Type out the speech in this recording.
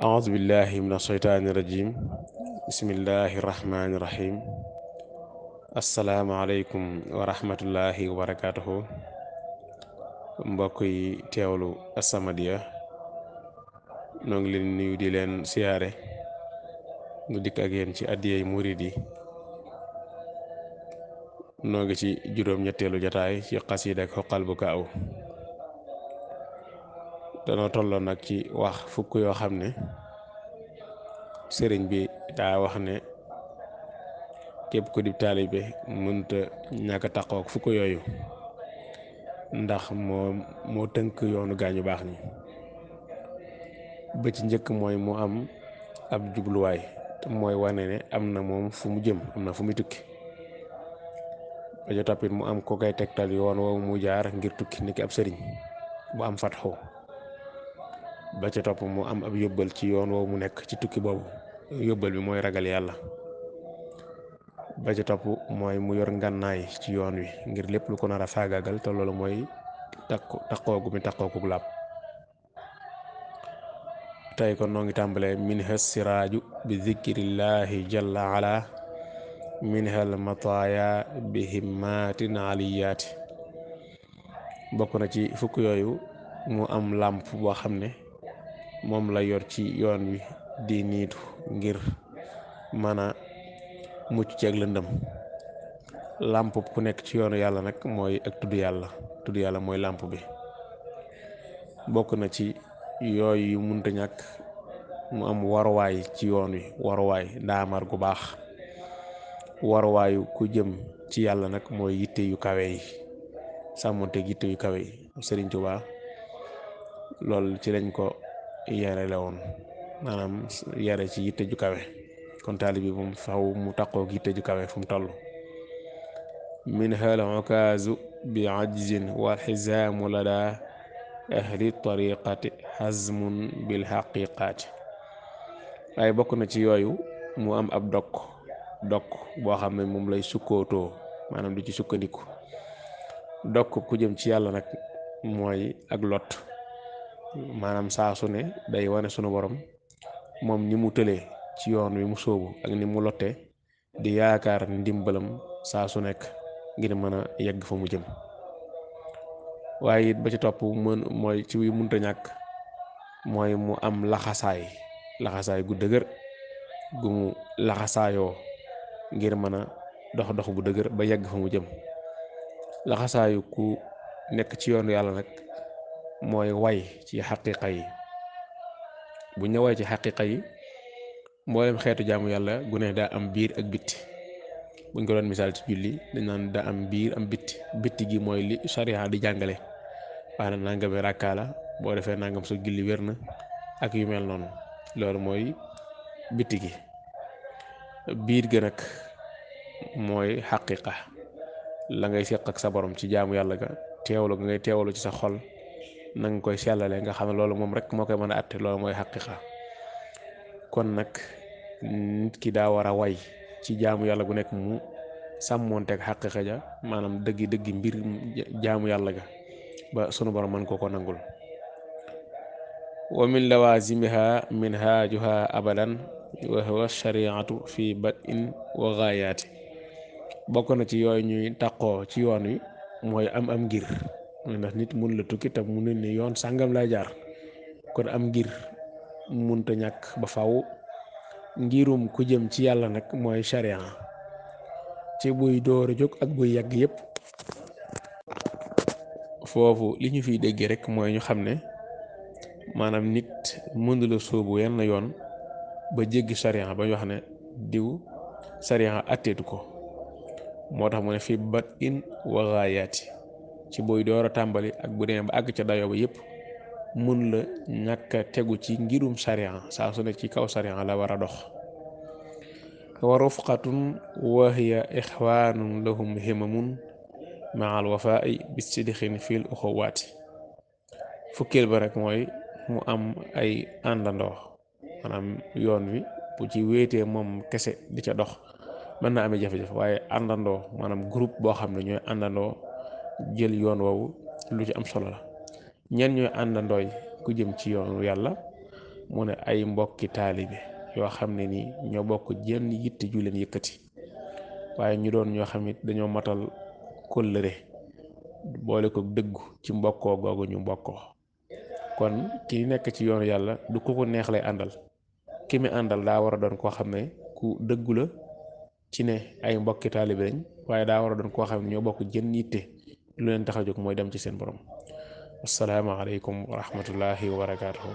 أعوذ بالله من الشيطان الرجيم بسم الله الرحمن الرحيم السلام عليكم mbokk yi teewlu As-Samadiyya noo ngi leen nuyu di leen siyaare mu dikk ak yéen ci addiyey murid yi noo ci juróom-ñetteelu jataay ci xasiida ak xoqal bu kaaw danoo tolloo nag ci wax fukk yoo xam ne sëriñ bi daa wax ne képp ku di taalibe mënta ñàkk a taqook fukk yooyu ndax moo moo tënk yoonu gaañu baax ni ba njëkk mooy mu am ab jubluwaay mooy wane ne am na moom fu mu jëm am na fu muy tukki ba ca toppit mu am ko koy tegtal yoon woowu mu jaar ngir tukki niki ab sëriñ bu am fatxu ba ca topp mu am ab yóbbal ci yoon woowu mu nekk ci tukki boobu yóbbal bi mooy ragal yàlla ba ca topp mooy mu yor ngànnaay ci yoon wi ngir lépp lu ko nar a faagaagal te loolu mooy takku takkoogu mi takkoogu làpp tey kon noo ngi tàmbalee minha siraaju bi zikrillaahi jalla ala minha al mataaya bi himmaatin aliyaati bokk na ci fukk yooyu mu am làmp boo xam ne moom la yor ci yoon wi di niitu ngir mën mucc ceeg lëndëm làmp ku nekk ci yoonu yàlla nag mooy ak tudd yàlla tudd yàlla mooy làmp bi bokk na ci yooyu yu munta ñàkk mu am waruwaay ci yoon wi waruwaay ndaamar gu baax waruwaayu ku jëm ci yàlla nag mooy yitte yu kawe yi sàmmonteeg yitte yu kawe yi Sëriñ Tuubaa loolu ci lañ ko yare la woon maanaam yare ci yitte kawe kon taalib bi moom faw mu taqoog yitte ju kawe fu mu toll min hal okaasu bi ajzin wal xisaamu la daa ahli tariqati hazmun bil xaqiqaati waaye bokk na ci yooyu mu am ab dokk dokk boo xam ne moom lay sukkootoo maanaam du ci sukkandiku dokk ku jëm ci yàlla nag mooy ak lot maanaam saa su ne day wane sunu boroom moom ni mu tëlee ci yoon wi mu sóobu ak ni mu lotte di yaakaar ndimbalam saa su nekk ngir mën a yegg fa mu jëm waaye it ba ci topp mën mooy ci wi ñàkk mooy mu am laxasaay laxasaay gu dëgër gu mu laxasaayoo ngir mën a dox dox bu dëgër ba yegg fa mu jëm laxasaayu ku nekk ci yoonu yàlla nag mooy way ci xaqiqa yi buñ ne way ci xaqiqa yi mboolem xeetu jaamu yàlla gu ne daa am biir ak bitti buñ ko doon misaal ci julli dañ naan daa am biir am bitti gi mooy li sariya di jàngale waaye nangami rakkaa la boo defee nangam sa julli na ak yu mel noonu loolu mooy bitti biir gi nag mooy xaqiqa la ngay seq ak sa boroom ci jaamu yàlla ga teewlu nga ngay teewlu ci sa xol na koy sellale nga xam ne loolu moom rek moo koy mën a atte loolu mooy xaqiqa kon nag nit ki daa war a way ci jaamu yàlla gu nekk mu sàmmoonteeg xaqiqa ja maanaam dëggi dëggi mbir jaamu yàlla ga ba sunu borom mën koo ko nangul wa min lawazimiha min haajuha abadan wa huwa shariatu fi bad'in wa gaayaati bokk na ci yooyu ñuy taqoo ci yoon wi mooy am am ngir ndax nit mun la tukki tam mu ne ni yoon sàngam laa jaar kon am ngir munta ñàkk ba faw ngirum ku jëm ci yàlla nag mooy sharia ci buy door a jóg ak buy yàgg yépp foofu li ñu fiy déggee rek mooy ñu xam ne maanaam nit mënu la sóobu yenn yoon ba jéggi sharia ba ñu wax ne diw sharia atteetu ko moo tax mu ne fi bat in wa ci booy door a tàmbali ak bu demee ba àgg ca dayoo ba mun la ñàkk tegu ci ngirum sariya saa su ci kaw sariya la war a dox wa rufqatun ma hiya ixwaanun lahum himamun maa al wafaai bi sidixin fil uxuwaati fukkeel ba rek mooy mu am ay àndandoo maanaam yoon wi bu ci wéetee moom kese di ca dox mën na amee jafe-jafe waaye àndandoo maanaam groupe boo xam ne ñooy àndandoo jël yoon woowu lu ci am solo la ñenn ñooy àndandooy ku jëm ci yoonu yàlla mu ne ay mbokki taalibe yoo xam ne nii ñoo bokk jenn yitte ju leen yëkkati waaye ñu doon ñoo xam it dañoo matal kóllëre boole ko dëggu ci mbokkoo googu ñu mbokkoo kon ki nekk ci yoonu yàlla du ku ko neex lay àndal ki mi àndal daa war a doon koo xam ne ku dëggu la ci ne ay mbokki taalibe lañ waaye daa war a doon koo xam ne ñoo bokk jenn yitte lu leen tax a mooy dem ci seen borom asalaamaaleykum wa rahmatullahi wa barakaatuhu